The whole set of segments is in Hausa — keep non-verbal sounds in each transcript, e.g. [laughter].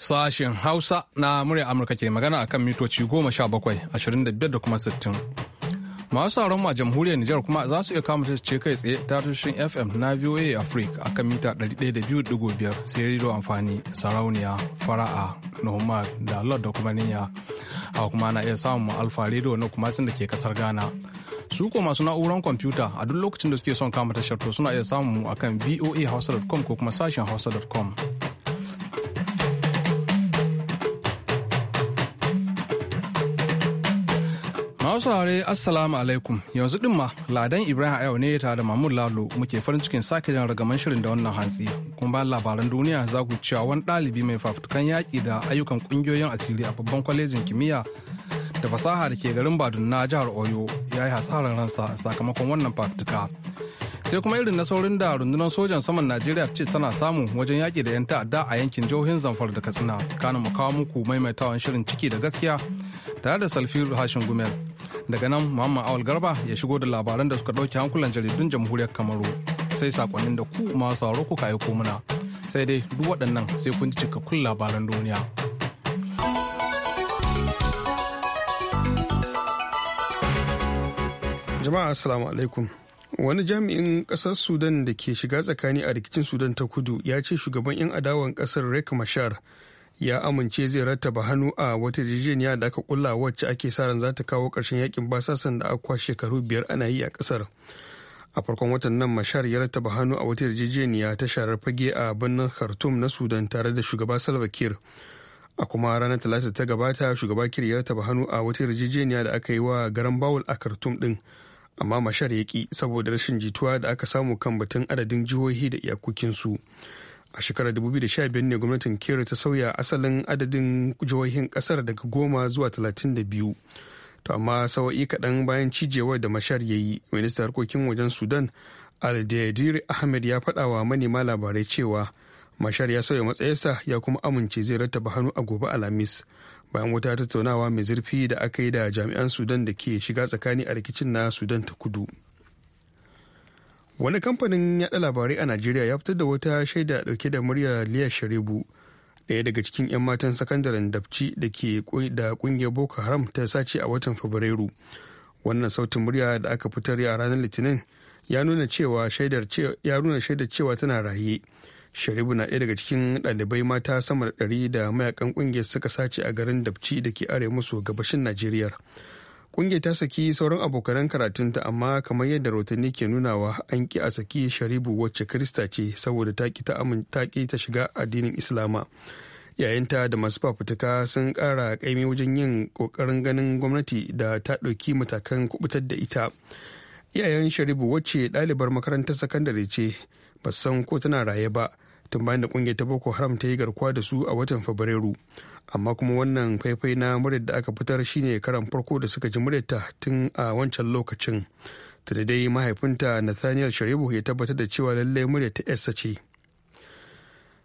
Sashen Hausa na murya Amurka ke magana a kan mitoci 17,25 da kuma 60. Masu sauran a jamhuriyar Nijar kuma za su iya kama ce kai tsaye ta tushen FM na VOA Africa a kan mita 102.5 sai rido amfani sarauniya fara'a noma da lord da kuma niyya. Hawa kuma na iya samun alfa rido na kuma sun da ke kasar Ghana. su ko masu na'uran kwamfuta a duk lokacin da suke son kama tashar to suna iya samun mu akan voahausa.com ko kuma sashen hausa.com. Masu saurare Assalamu alaikum yanzu din ma Ladan Ibrahim Ayo ne tare da Mahmud Lalo muke farin cikin sake jan ragaman shirin da wannan hantsi. Kuma bayan labaran duniya za ku cewa wani ɗalibi mai fafutukan yaƙi da ayyukan ƙungiyoyin asiri a babban kwalejin kimiyya da fasaha da ke garin Badun na jihar Oyo ya yi hasarar ransa sakamakon wannan fafutuka. Sai kuma irin na saurin da rundunar sojan saman Najeriya ce tana samu wajen yaƙi da 'yan ta'adda a yankin jihohin Zamfara da Katsina. Kana mu kawo muku maimaitawan shirin ciki da gaskiya tare da Salfiru Hashin Gumel daga nan muhammad awal garba ya shigo da labaran da suka ɗauki hankulan jaridun jamhuriyar kamaru sai sakonnin da ku masu sauraro kuka aiko muna sai dai duk waɗannan sai kun ji cikakkun labaran duniya jama'a assalamu alaikum wani jami'in ƙasar sudan da ke shiga tsakani a rikicin sudan ta kudu ya ce shugaban 'yan adawan ƙasar rek mashar ya amince zai rattaba hannu a wata yarjejeniya da aka kulla wacce ake sa ran zata kawo ƙarshen yakin basasan da aka shekaru biyar ana yi a kasar. a farkon watan nan mashar ya rattaba hannu a wata yarjejeniya ta sharar fage a birnin khartoum na sudan tare da shugaba salva kiir a kuma ranar talata ta gabata shugaba kiir ya rattaba hannu a wata yarjejeniya da aka yi wa garan bawul a khartoum din amma mashar ya ki saboda rashin jituwa da aka samu kan batun adadin jihohi da iyakokinsu. su a shekarar 2015 ne gwamnatin kera ta sauya asalin adadin jihohin kasar daga goma zuwa 32 to amma sawa'i kaɗan bayan cijewar da mashar ya yi ministan harkokin wajen sudan aldedir ahmed ya faɗa wa manema labarai cewa mashar ya sauya matsayarsa ya kuma amince zai rattaba hannu a gobe alhamis bayan wata tattaunawa mai zurfi da aka yi da jami'an sudan da ke shiga tsakani a rikicin na sudan ta kudu wani kamfanin yaɗa labarai a najeriya ya fitar da wata shaida dauke da murya liya sharibu daya daga cikin 'yan matan sakandaren dabci da ke da kungiyar boko haram ta sace a watan fabrairu wannan sautin murya da aka fitar a ranar litinin ya nuna cewa shaidar ya nuna shaidar cewa tana raye sharibu na daya daga cikin ɗalibai mata sama da ɗari da mayakan ƙungiyar suka sace a garin dabci da ke are maso gabashin najeriya kungiyar ta saki sauran abokanan karatunta amma kamar yadda rotanni ke nunawa an ki a saki sharibu wacce kirista ce saboda ta ki ta shiga addinin islama yayinta da masu fafutuka sun kara kaimi wajen yin kokarin ganin gwamnati da ta ɗauki matakan kubutar da ita iyayen sharibu wacce ɗalibar makarantar sakandare ce ba san ko tana raye ba tun bayan da kungiyar ta boko haram ta yi garkuwa da su a watan fabrairu amma kuma wannan faifai na muryar da aka fitar shine karan farko da suka ji muryarta tun a wancan lokacin ta dai mahaifinta nathaniel sharibu ya tabbatar da cewa lallai muryar ta yarsa ce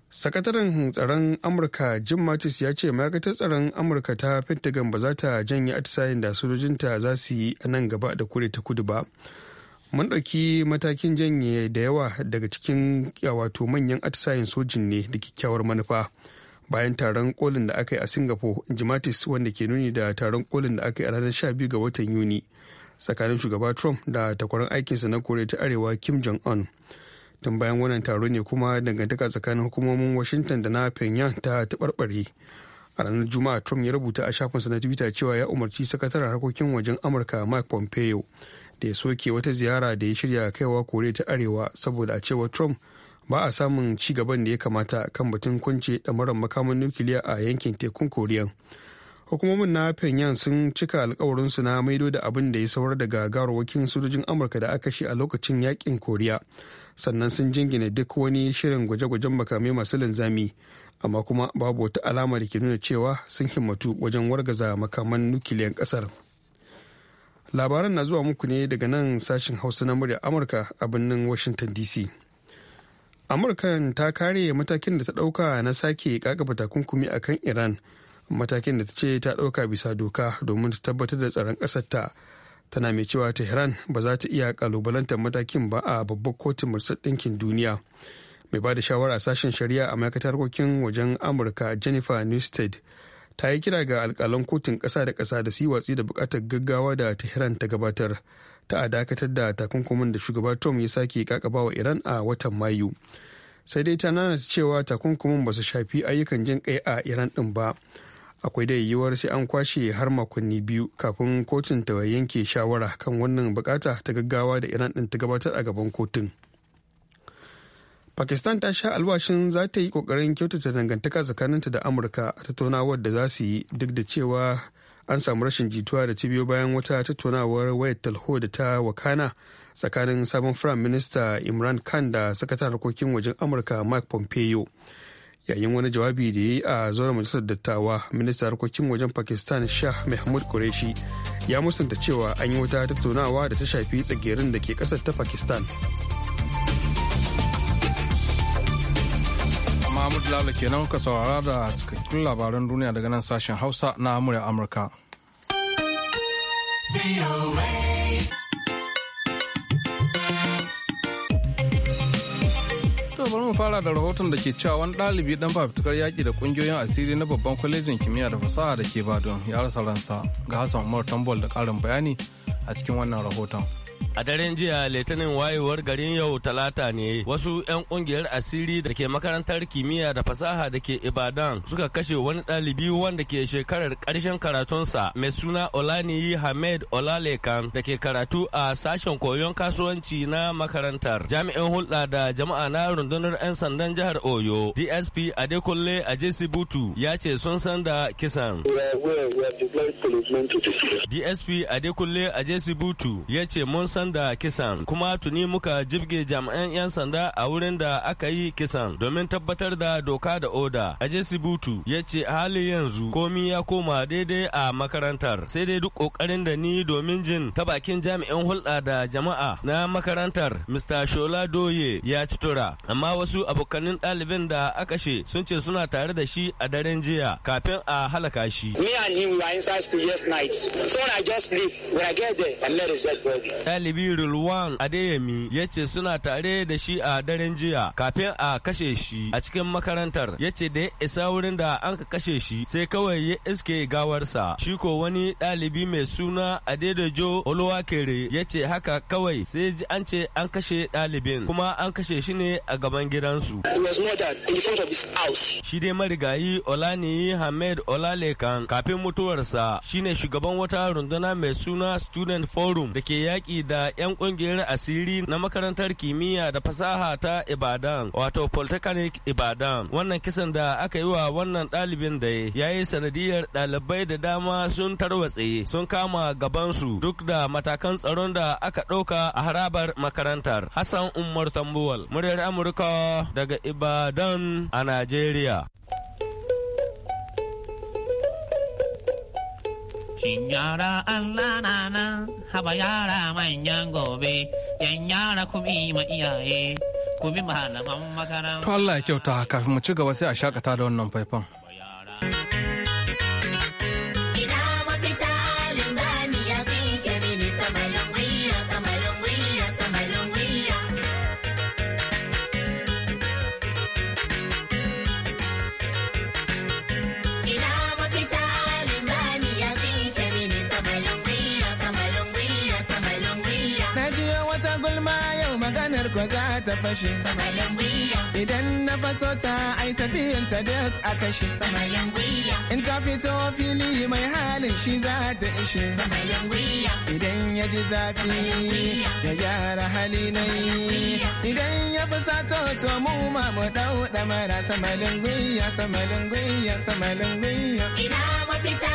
sakataren tsaron amurka jim mattis ya ce ma'aikatar tsaron amurka ta pentagon ba za ta janye atisayen da sojojinta za su yi a nan gaba da kure ta kudu ba mun ɗauki matakin janye da yawa daga cikin wato manyan atisayen sojin ne da kyakkyawar manufa bayan taron kolin da aka yi a singapore jimatis wanda ke nuni da taron kolin da aka yi a ranar 12 ga watan yuni tsakanin shugaba trump da takwarar aikinsa na koriya ta arewa kim jong un tun bayan wannan taro ne kuma dangantaka tsakanin hukumomin washington da na pyongyang ta taɓarɓare a ranar juma'a trump ya rubuta a shafinsa na twitter cewa ya umarci sakataren harkokin wajen amurka mike pompeo da ya soke wata ziyara da ya shirya kaiwa koriya ta arewa saboda a cewa trump ba a samun ci gaban da ya kamata kan batun kunce ɗamarar makaman nukiliya a yankin tekun koriya hukumomin na pyongyang sun cika alkawarinsu na maido da abin da ya saurar daga gawarwakin sojojin amurka da aka shi a lokacin yakin koriya sannan sun jingina duk wani shirin gwaje-gwajen makamai masu linzami amma kuma babu wata alama da ke nuna cewa sun himmatu wajen wargaza makaman nukiliyan kasar. labaran na zuwa muku ne daga nan sashen hausa na murya amurka a birnin washington dc amurkan ta kare matakin da ta dauka na sake kakaba takunkumi a kan iran matakin da ta ce ta dauka bisa doka domin ta tabbatar da tsaron ƙasarta tana mai cewa tehran ba za ta iya kalubalantar matakin ba a babbar kotun marsar ɗinkin duniya mai ba da shawara sashen shari'a a ma'aikatar harkokin wajen amurka jennifer newstead. ta yi kira ga alkalan kotun ƙasa da ƙasa da watsi da buƙatar gaggawa da tehran ta gabatar ta a dakatar da takunkumin da shugaba tom ya sake kakabawa iran a watan mayu sai dai ta nana cewa takunkumin ba su shafi ayyukan jin kai a iran din ba akwai da yiwuwar sai an kwashe har makonni biyu kafin kotun ta yanke shawara kan wannan bukata ta gaggawa da iran din ta gabatar a gaban kotun. pakistan ta sha alwashin za ta yi kokarin kyautata dangantaka tsakaninta da amurka a tattaunawar da za su yi duk da cewa an samu rashin jituwa da ta bayan wata tattaunawar wayar talho da ta wakana tsakanin sabon firayim minista imran khan da sakatar harkokin wajen amurka mike pompeo yayin wani jawabi da ya yi a zuwa majalisar dattawa ministan harkokin wajen pakistan shah mahmud qureshi ya musanta cewa an yi wata tattaunawa da ta shafi tsagerin da ke kasar ta pakistan Mahmud kenan ka saurara da cikakkun labaran duniya daga nan sashen Hausa na Amurya Amurka. bari fara da rahoton da ke cewa wani ɗalibi ɗan fafutukar yaƙi da ƙungiyoyin asiri na babban kwalejin kimiyya da fasaha da ke Badon ya rasa ransa ga Hassan Umar Tambol da ƙarin bayani a cikin wannan rahoton. A daren jiya Litinin wayewar garin yau Talata ne wasu 'yan kungiyar asiri da ke makarantar kimiyya da fasaha da ke Ibadan suka kashe wani ɗalibi wanda ke shekarar ƙarshen karatunsa mai suna Olaniyi Hamed Olalekan da ke karatu a sashen koyon kasuwanci na makarantar. Jami'in hulɗa da jama'a na rundunar 'yan sandan jihar Oyo DSP Adekunle Butu. ya ce sun san da kisan. DSP Adekunle Ajesibutu ya ce mun san wurin da kisan kuma tuni muka jibge jami'an 'yan sanda a wurin da aka yi kisan domin tabbatar da doka da oda. a Sibutu ya ce hali yanzu komi ya koma daidai a makarantar sai dai duk kokarin da ni domin jin ta bakin jami'in hulɗa da jama'a na makarantar Mr. Shola Doye ya ci tura amma wasu abokanin ɗalibin da aka she sun ce suna tare da shi a daren jiya kafin a halaka shi. Me and him were inside school yesterday night. so I just leave. When I get there, I let it set Kabiru Luwan Adeyemi ya ce suna tare da shi a daren jiya kafin a kashe shi a cikin makarantar ya ce da ya isa wurin da an ka kashe shi sai kawai ya iske gawarsa shi ko wani ɗalibi mai suna Adedejo Oluwakere ya ce haka kawai sai ji an ce an kashe ɗalibin kuma an kashe shi ne a gaban gidansu. Shi dai marigayi Olani Hamed Olalekan kafin mutuwarsa shine shugaban wata runduna mai suna Student Forum da ke yaƙi da 'yan kungiyar asiri na makarantar kimiyya da fasaha ta Ibadan wato Polytechnic Ibadan. Wannan kisan da aka yi wa wannan ɗalibin da ya yi sanadiyar ɗalibai da dama sun tarwatse sun kama gaban su duk da matakan tsaron da aka ɗauka a harabar makarantar. Hassan Umar Tambuwal, muryar Amurka daga Ibadan a Najeriya. Kinyara Allah na haba yara manyan gobe, yan yara ku ma iyaye, ku bi malaman makaranta. Allah ya kyauta kafin mu ci gaba sai a shakata da wannan faifan. idan na faso ta ai tafiyan ta duk a kashe in ta fito fili mai halin shi za ta ishe idan ya ji zafi ya gyara hali yi, idan ya fusato to mu ma mu dau damara samalin gwiya gwiya gwiya mafita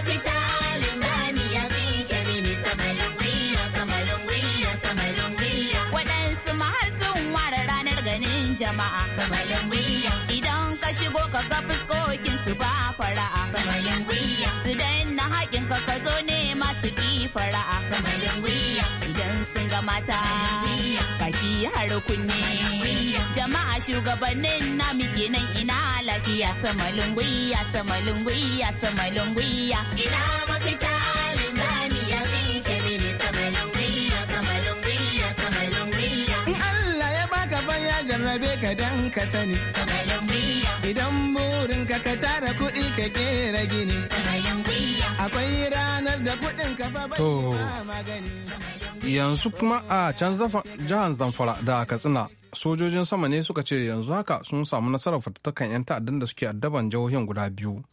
jama'a. Samalin wiya. Idan ka shigo ka ga fuskokin su ba fara'a. Samalin wiya. Su danna haƙin ka ka zo ne masu ji fara'a. Samalin wiya. Idan sun ga mata. baki har kunne. Jama'a shugabannin na muke nan ina lafiya. Samalin wiya, samalin wiya, samalin wiya. Ina mafita. rabe ka dan ka sani idan burin ka ka tara kuɗi ka kera gini akwai ranar da kuɗin ka fa to yanzu kuma a can jihar zamfara da katsina sojojin sama ne suka ce yanzu haka sun samu nasarar fatattakan 'yan ta'addan da suke addaban jihohin guda biyu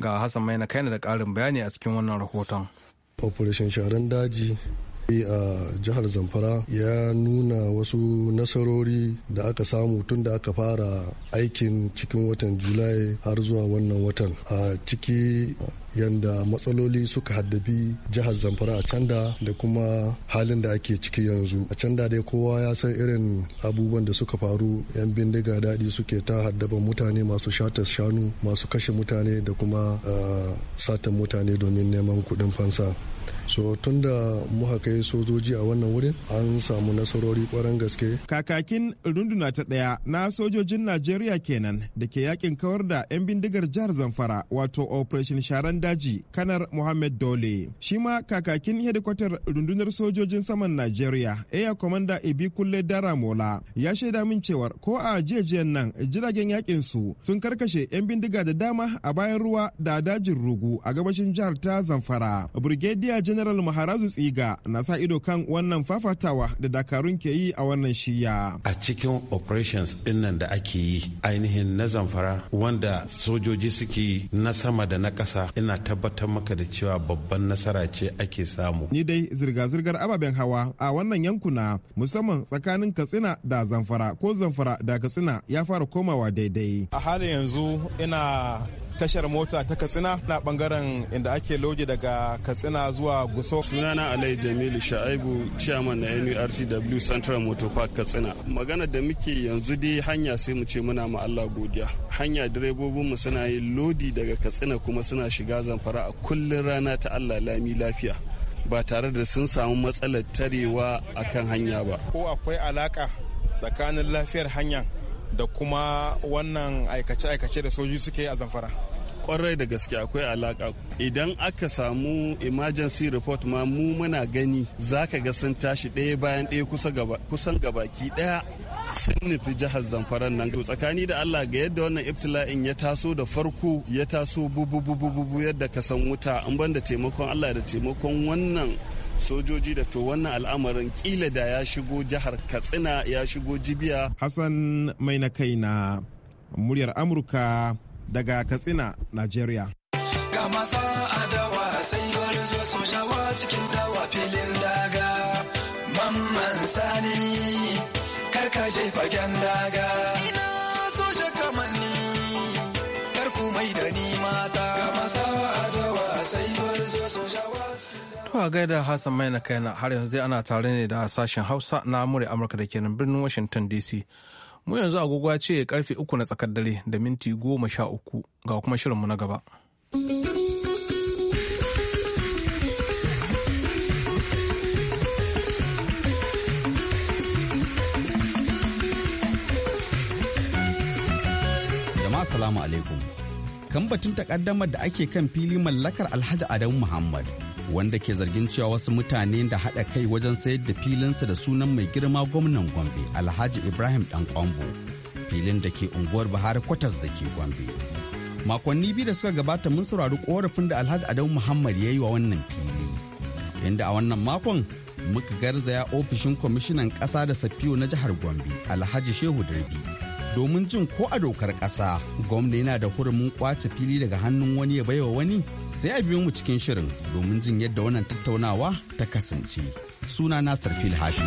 ga hassan mai na kaina da ƙarin bayani a cikin wannan rahoton operation sharan daji a jihar zamfara ya nuna wasu nasarori da aka samu tun da aka fara aikin cikin watan julai har zuwa wannan watan a ciki yadda matsaloli suka haddabi jihar zamfara a canda da kuma halin da ake ciki yanzu a canda dai kowa ya san irin abubuwan da suka faru yan bindiga daɗi suke ta haddaba mutane masu shata shanu masu kashe mutane da kuma eh, satan mutane domin neman kuɗin fansa so tun da muka kai sojoji a wannan wurin an samu nasarori kwaran gaske kakakin runduna ta daya na sojojin najeriya kenan da ke yakin kawar da 'yan bindigar jihar zamfara wato operation sharan daji kanar muhammad dole shi ma kakakin hedikwatar rundunar sojojin saman najeriya air commander ibi kulle dara mola ya shaida min cewar ko a jejiyar nan jiragen yakin su sun karkashe 'yan bindiga da dama a bayan ruwa da dajin rugu a gabashin jihar ta zamfara brigadier General Maharazu Tsiga na sa ido kan wannan fafatawa da Dakarun ke yi a wannan shiya. A cikin operations dinnan da ake yi ainihin na zamfara wanda sojoji suke yi na sama da na ƙasa ina tabbatar maka da cewa babban nasara ce ake samu. Ni dai zirga-zirgar ababen hawa a wannan yankuna musamman tsakanin Katsina da Zamfara ko Zamfara da Katsina ya fara komawa daidai. A halin yanzu ina tashar mota ta katsina na bangaren inda ake loji daga katsina zuwa guso sunana alai jamilu sha'aibu chairman na nurtw central motor park katsina magana da muke yanzu dai hanya sai mu ce muna ma allah godiya hanya direbobin mu suna yin lodi daga katsina kuma suna shiga zamfara a kullun rana ta allah lami lafiya ba tare da sun samu matsalar tarewa akan hanya ba ko akwai alaka tsakanin lafiyar hanya da kuma wannan aikace-aikace da sojoji suke a zamfara kwarai da gaske akwai alaka idan aka samu emergency report ma mu muna gani za ka ga sun tashi ɗaya bayan ɗaya kusan gabaki ɗaya sun nufi jihar zamfara nan to tsakani da allah ga yadda wannan iftila'in ya taso da farko ya taso bubu bubu yadda ka san wuta an banda taimakon allah da taimakon wannan sojoji da to wannan al'amarin kila da ya shigo jihar katsina ya shigo jibiya hassan mai na kai na muryar amurka daga katsina Najeriya. ga masa adawa sai bari zo sojawa cikin dawa filin daga mamman sani karkashe fagen daga ina soja kamanni karku mai da ni mata ga masa adawa sai To a gaida Hassan mai na kaina har yanzu dai ana tare ne da sashen Hausa na Amurka Amurka da ke nan birnin Washington DC. Mu yanzu agogo ce karfe uku na tsakar dare da minti goma sha uku ga kuma shirinmu na gaba. Jama'a salamu alaikum. Kan batun takaddamar da ake kan fili mallakar Alhaji Adamu Muhammad. wanda ke zargin cewa wasu mutane da haɗa kai wajen sayar da filinsa da sunan mai girma gwamnan gombe alhaji ibrahim dan kwambo filin da ke unguwar bahar kwatas da ke gombe makonni biyu da suka gabata mun saurari korafin da alhaji adamu muhammad ya yi wa wannan fili inda a wannan makon muka garzaya ofishin kwamishinan ƙasa da safiyo na jihar gombe alhaji shehu darbi domin jin ko a dokar ƙasa gwamna yana da hurumin kwace fili daga hannun wani ya baiwa wani sai a biyo mu cikin shirin domin jin yadda wannan tattaunawa ta kasance suna nasar fil hashi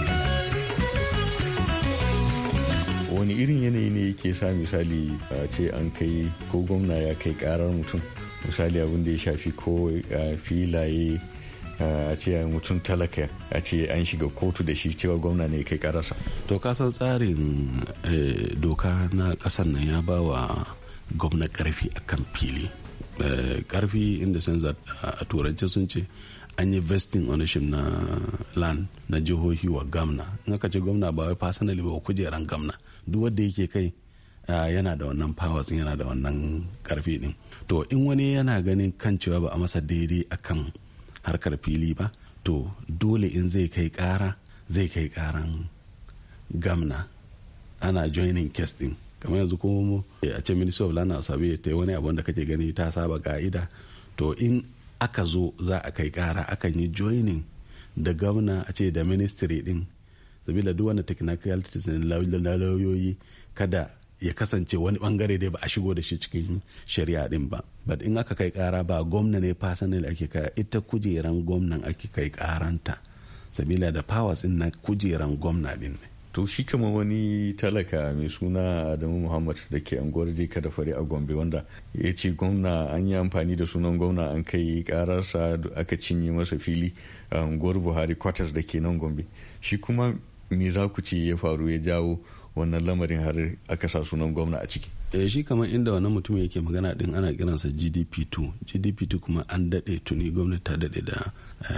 wani irin yanayi ne yake sa misali a ce an kai ko gwamna ya kai karar mutum misali abin da ya shafi ko eh, filaye a ce mutum talaka a ce an shiga kotu da shi cewa gwamna ne kai kararsa to kasan tsarin eh, doka na kasan nan ya ba wa gwamna karfi akan fili karfi eh, inda sun a turance sun ce an yi vesting ownership na land na jihohi wa gamna in aka ce gwamna ba wai fasanali ba kujeran gamna duk wanda yake kai yana da wannan powers yana da wannan karfi din to in wani yana ganin kan cewa ba a masa daidai akan harkar fili ba to dole in zai kai kara zai kai karan gamna ana joining case din kamar yanzu kuma mu a ce ministry of land asabe ta wani abu da kake gani ta saba ka'ida to in aka zo za a kai kara akan yi joining da gamna a ce da ministry din sabila duk wani technicalities na lauyoyi kada ya kasance wani bangare dai ba a shigo da shi cikin shari'a din ba but in aka kai kara ba gwamna ne personal ake kai ita kujeran gwamnan ake kai karanta sabila da powers din na kujeran gwamna din ne to shi kama wani talaka mai suna adamu muhammad da ke anguwar jika da fari a gombe wanda ya ce gwamna an yi amfani da sunan gwamna an kai kararsa aka cinye masa fili a unguwar buhari kwatas da ke nan gombe shi kuma me za ku ce ya faru ya jawo wannan lamarin har aka sa sunan gwamna a ciki eh shi kamar inda wannan mutum yake magana din ana kiransa GDP2 GDP2 kuma an dade tuni gwamnati ta dade da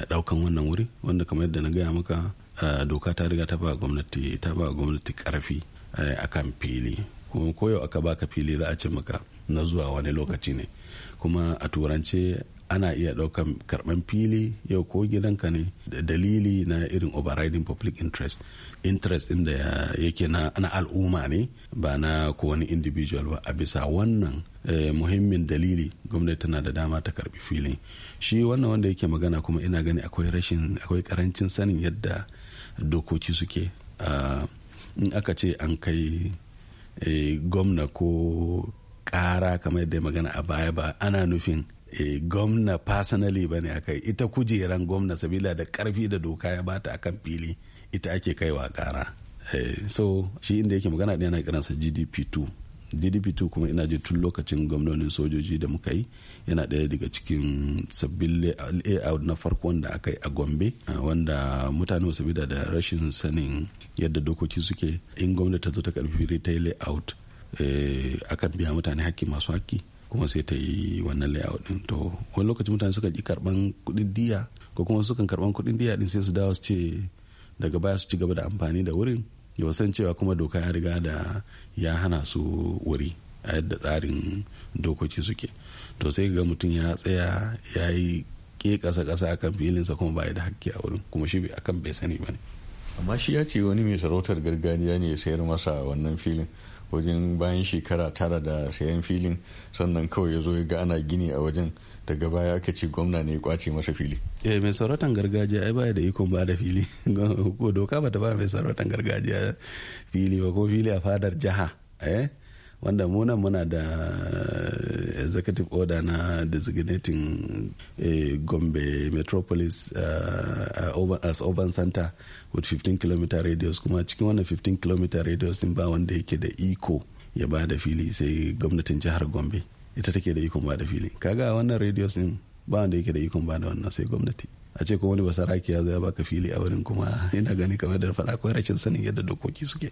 daukan eh, wannan wuri wanda kamar yadda na gaya maka eh, doka ta riga ta ba gwamnati ta ba gwamnati karfi eh, akan fili kuma koyo aka baka fili za a ce maka na zuwa wani lokaci ne kuma a turance ana iya ɗaukan karban fili yau ko gidanka ne da dalili na irin overriding public interest interest in da yake na, na al'umma ne ba na ko wani individual ba a bisa wannan eh, muhimmin dalili gwamnati tana da dama ta karbi fili. shi wannan wanda yake magana kuma ina gani akwai rashin akwai karancin sanin yadda dokoki suke uh, in aka ce an kai eh, gwamna ko kara kamar yadda magana a baya ba ana nufin Eh, gwamna personally ba ne a kai ita kujeran gwamna sabila da karfi da doka ya bata a kan fili ita ake kaiwa kara eh, so shi inda yake magana ɗaya na kiransa gdp2 gdp2 kuma ina je tun lokacin gwamnonin sojoji da muka yi yana ɗaya daga cikin sabbin layout na farko wanda aka yi a gombe eh, wanda mutane bida da rashin sanin yadda dokoki suke in gwamnati ta zo ta karfi ta yi layout akan biya mutane hakki masu hakki kuma sai ta yi wannan layout din to wani lokaci mutane suka ji karban kudin diya ko kuma sukan karban kudin diya din sai su dawo su ce daga baya su ci gaba da amfani da wurin ya san cewa kuma doka ya riga da ya hana su wuri a yadda tsarin dokoki suke to sai ga mutum ya tsaya ya yi ke kasa kasa akan filinsa kuma ba da hakki a wurin kuma shi akan bai sani ba ne amma shi ya ce wani mai sarautar gargajiya ne ya sayar masa wannan filin wajen bayan shekara tara da sayan filin sannan kawai ya zo ya ga ana gini a wajen daga baya aka ce gwamna ne ya kwace masa fili eh mai sarautan gargajiya ai baya da ikon ba da fili [laughs] ko doka bata ba mai sarautar gargajiya fili ba ko fili a fadar jiha eh wanda munan muna da eh, executive order na designating uh, gombe metropolis uh, as urban center with 15 km radius kuma cikin wannan 15 km radius din ba wanda yake da iko ya ba da fili sai gwamnatin jihar gombe ita take da ikon ba da fili kaga wannan radius din ba wanda yake da ikon ba da wannan sai gwamnati a ce kuma wani basaraki ya zai baka fili a wurin kuma ina gani kamar da faɗa akwai rashin sanin yadda dokoki suke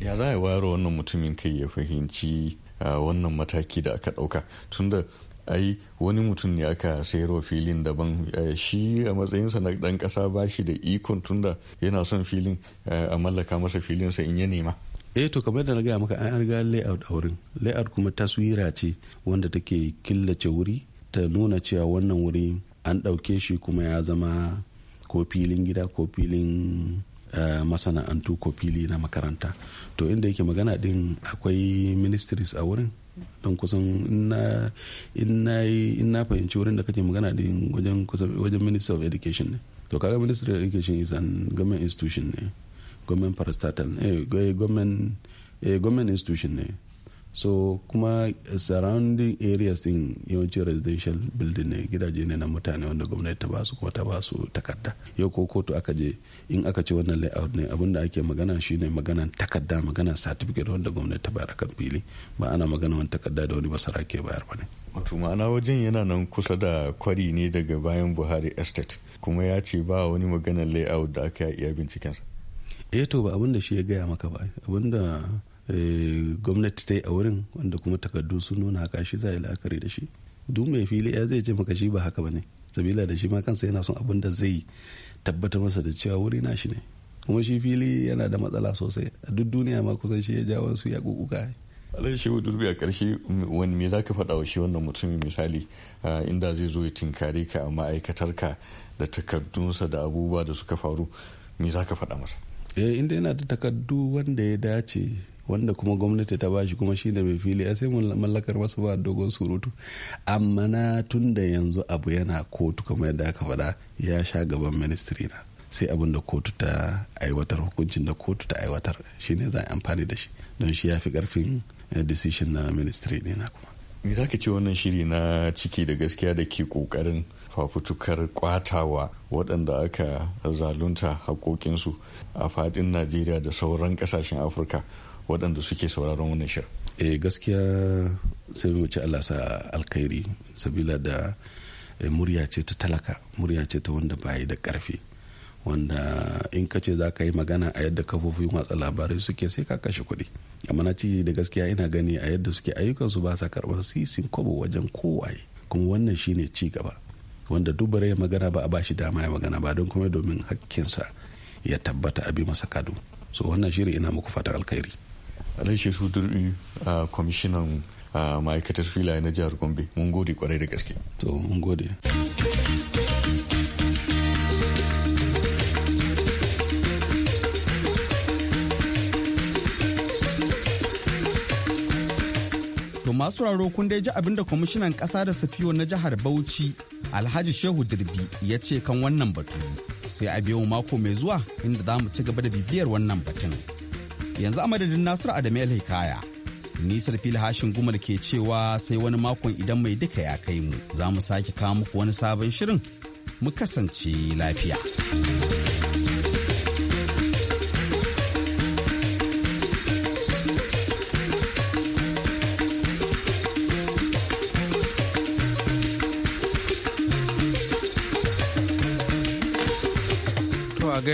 ya za a wayar wannan mutumin kai ya fahimci wannan mataki da aka ɗauka tunda ai wani mutum ne aka sayarwa filin daban shi a matsayinsa na ɗan kasa ba shi da ikon tunda yana son filin a mallaka masa filin sa in ya nema eh to kamar da na gaya maka an riga layout a wurin layout kuma taswira ce wanda take killace wuri ta nuna cewa wannan wuri an ɗauke shi kuma ya zama ko filin gida ko filin Eh, masana'antu ko fili na makaranta to inda yake magana din akwai ministries a wurin don kusan in na fahimci wurin da kake magana din wajen wajen minister of education ne to kaga minister of education is an government institution ne government parastatal eh, eh, eh government institution ne so kuma surrounding areas din yawanci residential building ne gidaje ne na mutane wanda gwamnati ta basu kuma ta basu takarda yau ko kotu aka je in aka ci wannan layout ne abinda ake magana shine maganan takarda magana certificate wanda gwamnati ta bayar kan fili ba ana magana wani takarda da wani basara ke bayar ba ne wato ma'ana wajen yana nan kusa da kwari ne daga bayan buhari estate kuma ya ce ba wani maganar layout da aka iya binciken eh to ba abin shi ya gaya maka ba abin Eh, gwamnati ta yi a wurin wanda kuma takardu sun nuna haka shi za a yi la'akari da shi duk mai fili ya zai ce maka shi ba haka ba ne sabila da shi ma kansa yana son abin da zai tabbatar masa da cewa wuri na shi ne kuma shi fili yana da matsala sosai a duk duniya ma kusan shi ya jawo su ya kukuka alai shi wudu a karshe wani me za ka faɗa wa shi wannan mutumin misali inda zai zo ya tinkare ka a ka da takardunsa da abubuwa da suka faru me za ka faɗa masa eh inda yana da takardu wanda ya dace wanda kuma gwamnati ta bashi kuma shi da mai fili a sai mallakar masu ba dogon surutu amma na tun da yanzu abu yana kotu kamar yadda aka faɗa ya sha gaban ministry na sai abin da kotu ta aiwatar hukuncin da kotu ta aiwatar shine za a amfani da shi don shi ya fi karfin eh, decision na ministry na kuma me za ce wannan shiri na ciki da gaskiya da ke kokarin fafutukar kwatawa waɗanda aka zalunta haƙoƙinsu a fadin najeriya da sauran ƙasashen afirka waɗanda suke sauraron wannan shirin eh gaskiya sai mu ci Allah alkhairi sabila da eh, murya ce ta talaka murya ce ta wanda bayi da karfi wanda in ka ce za ka yi magana a yadda kafofin watsa labarai suke sai ka kashe kuɗi amma na ci da gaskiya ina gani a yadda suke ayyukansu ba sa karɓar sisin kwabo wajen kowaye kuma wannan shine ci gaba wanda duk bare magana ba a shi dama ya magana ba don kuma domin hakkinsa ya tabbata a bi masa kado so wannan shirin ina muku fatan alkhairi Alaishiru Durbi kwamishinan ma'aikatar filaye na jihar Gombe. Mun gode kwarai da gaske. To mun gode. To masu raro kun dai ji abinda kwamishinan ƙasa da safiyo na jihar Bauchi Alhaji Shehu Dirbi ya ce kan wannan batu. Sai a biyo mako mai zuwa inda za mu ci gaba da bibiyar wannan batun. yanzu a madadin nasiru adamu hikaya nisar fili hashin gumal ke cewa sai wani makon idan mai duka ya kai mu za mu sake kawo muku wani sabon shirin mu kasance lafiya.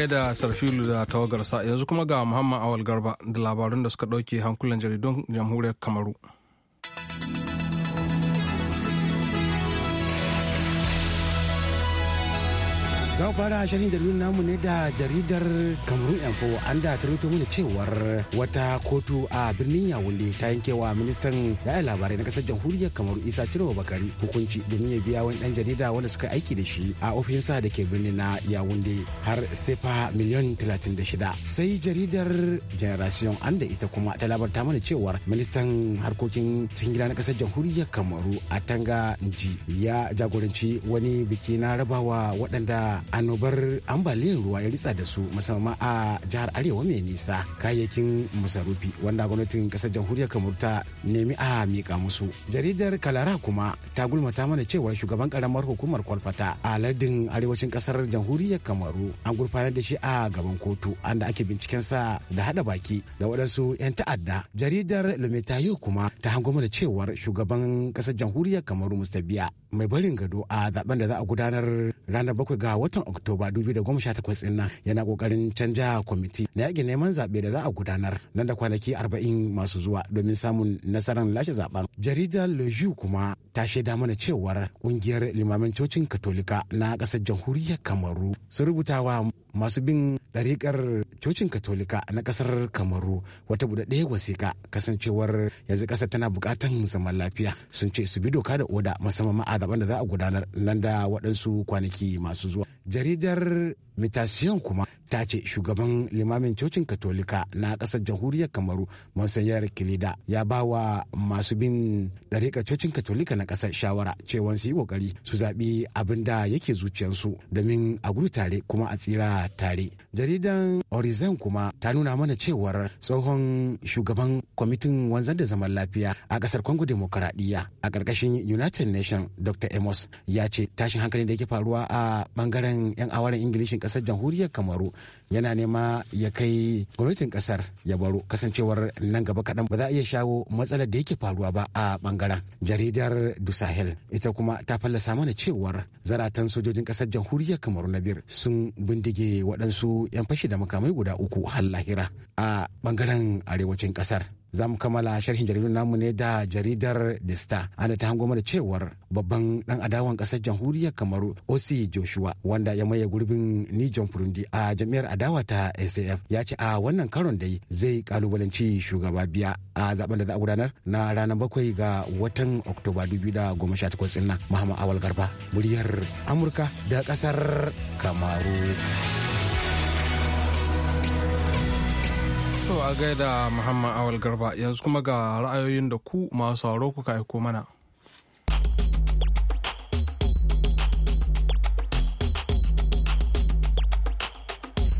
da sarfilu da tawagarsa yanzu kuma ga muhammad awal garba da labarun da suka ɗauke hankulan jaridun jamhuriyar kamaru. za mu fara shirin jaridun namu ne da jaridar Cameroon Info an da ta mana cewar wata kotu a birnin Yawunde ta yanke wa ministan yaya labarai na kasar jamhuriyar Kamaru Isa Ciro Bakari hukunci domin ya biya wani dan jarida wanda suka aiki da shi a ofisinsa da ke birnin na Yawunde har sefa miliyan 36 sai jaridar Generation an da ita kuma ta labarta mana cewa ministan harkokin cikin gida na kasar jamhuriyar Kamaru a Tanga Nji ya jagoranci wani biki na rabawa waɗanda annobar ambaliyar ruwa ya ritsa da su musamman a jihar arewa mai nisa kayayyakin masarufi wanda gwamnatin kasar jamhuriyar kamar ta nemi a mika musu jaridar kalara kuma ta gulmata mana cewar shugaban karamar hukumar kwalfata a lardin arewacin kasar jamhuriyar kamaru an gurfanar da shi a gaban kotu anda ake bincikensa da hada baki da waɗansu 'yan ta'adda jaridar lumetayo kuma ta hango mana cewar shugaban kasar jamhuriyar kamaru mustabiya mai barin gado a zaben da za a gudanar ranar bakwai ga watan oktoba 2018 din nan yana kokarin canja kwamiti na yaƙi neman zaɓe da za a gudanar nan da kwanaki 40 masu zuwa domin samun nasarar lashe zaben jaridar le kuma ta shaida mana cewar ƙungiyar limamin cocin katolika na ƙasar jamhuriyar kamaru su rubuta wa masu bin ɗariƙar cocin katolika na ƙasar kamaru wata ɗaya wasiƙa kasancewar yanzu ƙasar tana buƙatan zaman lafiya sun ce su bi doka da oda musamman ma da za a gudanar nan da waɗansu kwanaki masu zuwa jaridar Mitasiyon kuma ta ce shugaban limamin cocin katolika na ƙasar jamhuriyar kamaru Monsignor Kilida ya ba wa masu bin ɗariƙa cocin katolika na ƙasar shawara cewa su yi ƙoƙari su zaɓi abin da yake zuciyarsu domin a gudu tare kuma a tsira tare. Jaridan Horizon kuma ta nuna mana cewar tsohon shugaban kwamitin wanzar da zaman lafiya a ƙasar Congo Demokaradiyya a ƙarƙashin United Nation, Dr. Amos ya ce tashin hankalin da yake faruwa a bangaren 'yan awarin Ingilishin kasar jamhuriyar kamaru yana nema ya kai gwamnatin kasar ya baro kasancewar nan gaba kaɗan ba za a iya shawo matsalar da yake faruwa ba a bangaren jaridar du sahel ita kuma ta fallasa mana cewar zaratan sojojin kasar jamhuriyar kamaru na biyar sun bindige waɗansu 'yan fashi da makamai guda uku har lahira a bangaren arewacin kasar za mu kammala sharhin jaridun namu ne da jaridar the star ana ta hango mana cewar babban dan adawan kasar jamhuriyar kamaru osi joshua wanda ya maye gurbin nijon furundi a jami'ar adawa ta saf ya ce a wannan karon dai zai kalubalanci shugaba biya a zaben da za a gudanar na ranar bakwai ga watan oktoba 2018 din nan muhammad awal garba muryar amurka da kasar kamaru. To a gaida Muhammad Awal Garba yanzu kuma ga ra'ayoyin da ku masu sauro kuka aiko mana.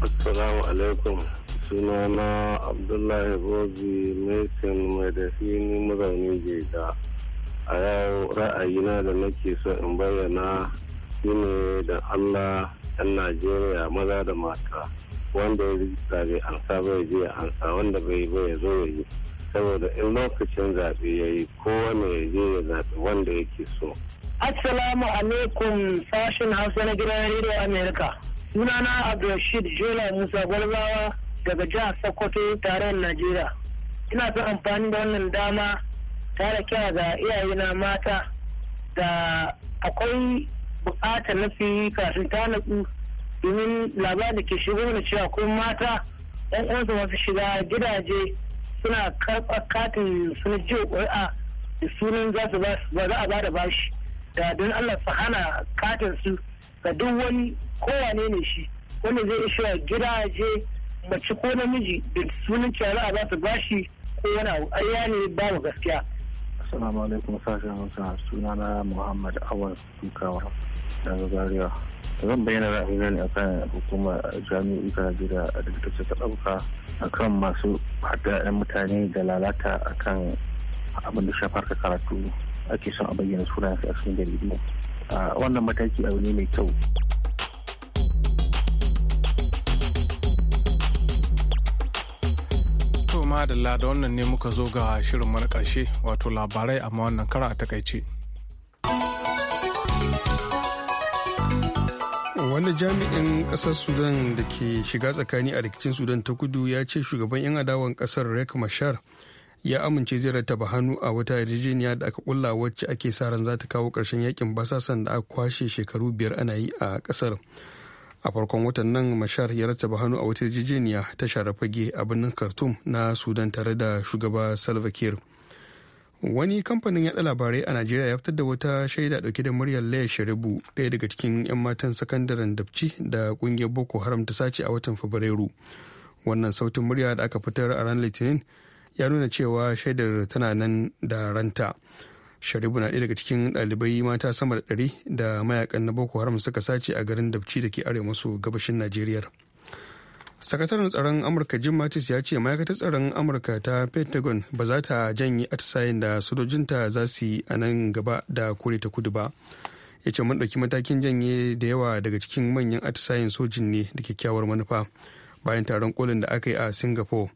Assalamu alaikum sunana Abdullahi Bozi Mason mai da ni mazaunin Jega. A yau ra'ayina da nake so in bayyana shine da Allah 'yan Najeriya maza da mata. wanda ya rijista bai ansa ba ya je ya ansa wanda bai ba ya zo ya yi saboda in lokacin zaɓe ya yi kowane ya je ya zaɓi wanda yake so. asalamu alaikum sashen Hausa na gidan rediyo Amerika. Sunana Abdulrashid Jola Musa Gwalbawa daga jihar Sokoto tarayyar Najeriya. Ina son amfani da wannan dama tare kira ga iyayena mata da akwai bukatar na fi kafin ta natsu domin da ke shigo da cewa ko mata yan uwansu masu shiga gidaje suna karɓa katin suna ji ƙuri'a da sunan za su ba za a ba da bashi da don Allah su hana katin su ga duk wani kowane ne shi wanda zai ishe gidaje mace ko namiji da sunan cewa za a ba su bashi ko wani abu ne babu gaskiya Assalamu alaikum sashen Hausa suna na Muhammad Awal Dukawa daga Zaria. Zan bayyana ra'ayi ne akan hukumar jami'i ta Najeriya da ta ta ɗauka akan masu haɗa 'yan mutane da lalata akan abin da shafar ka karatu ake son a bayyana su a cikin jaridu. Wannan mataki abu ne mai kyau. madalla da wannan ne muka zo ga shirin na karshe wato labarai amma wannan kara a takaice. wani jami'in kasar sudan da ke shiga tsakani a rikicin sudan ta kudu ya ce shugaban 'yan adawan kasar rek mashar ya amince zai rataba hannu a wata yarjejeniya da aka kulla wacce ake sa ran za ta kawo ƙarshen yakin basasan da aka kwashe shekaru biyar ana yi a kasar. a farkon watan nan mashar ya rattaba hannu a wata jijiniya ta share fage a birnin khartoum na sudan tare da shugaba salva wani kamfanin yaɗa labarai a najeriya ya fitar da wata shaida dauke da muryar laya sharibu ɗaya daga cikin 'yan matan sakandaren dabci da kungiyar boko haram ta sace a watan fabrairu wannan sautin murya da aka fitar a ranar litinin ya nuna cewa shaidar tana nan da ranta sharibu na ɗaya daga cikin ɗalibai mata sama da ɗari da mayakan na boko haram suka sace a garin dabci da ke arewa masu gabashin najeriya sakataren tsaron amurka jim mattis ya ce ma'aikatar tsaron amurka ta pentagon ba za ta janye atisayen da sojojinta za su yi a nan gaba da kore ta kudu ba ya ce mun ɗauki matakin janye da yawa daga cikin manyan atisayen sojin ne da kyakkyawar manufa bayan taron kolin da aka yi a singapore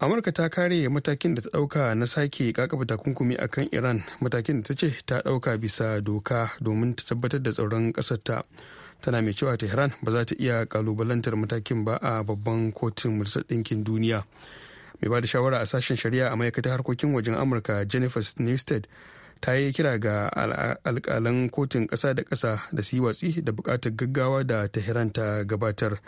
amurka ta kare matakin da ta dauka na sake kakaba takunkumi a kan iran matakin da ta ce ta dauka bisa doka domin ta tabbatar da tsaron kasarta tana mai cewa tehran ba za ta iya kalubalantar matakin ba a babban kotun majalisar ɗinkin duniya mai ba da shawara a sashen shari'a a ma'aikatar harkokin wajen amurka jennifer newstead ta yi kira ga alkalan kotun ƙasa da ƙasa da su yi watsi da buƙatar gaggawa da tehran ta gabatar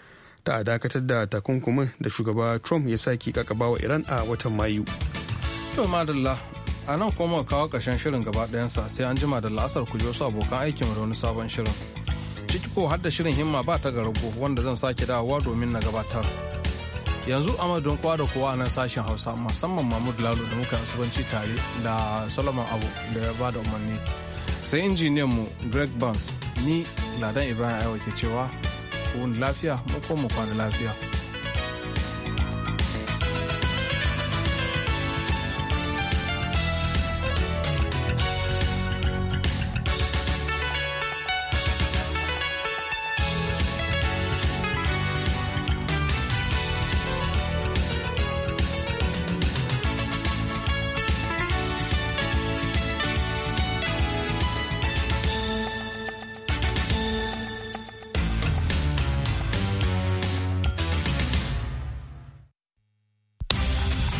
ta dakatar da takunkumin da shugaba trump ya sake kakabawa iran a watan mayu to madalla a nan kuma kawo karshen shirin gaba sa sai an jima da la'asar ku su abokan aikin da wani sabon shirin ciki ko har da shirin himma ba ta garago wanda zan sake dawowa domin na gabatar yanzu a madadin kowa da kowa a nan sashen hausa musamman mahmud lalo da muka asubanci tare da solomon abu da ya ba da umarni sai injiniyanmu greg burns ni ladan ibrahim aiwa ke cewa ku lafiya mu kuma mu kwana lafiya.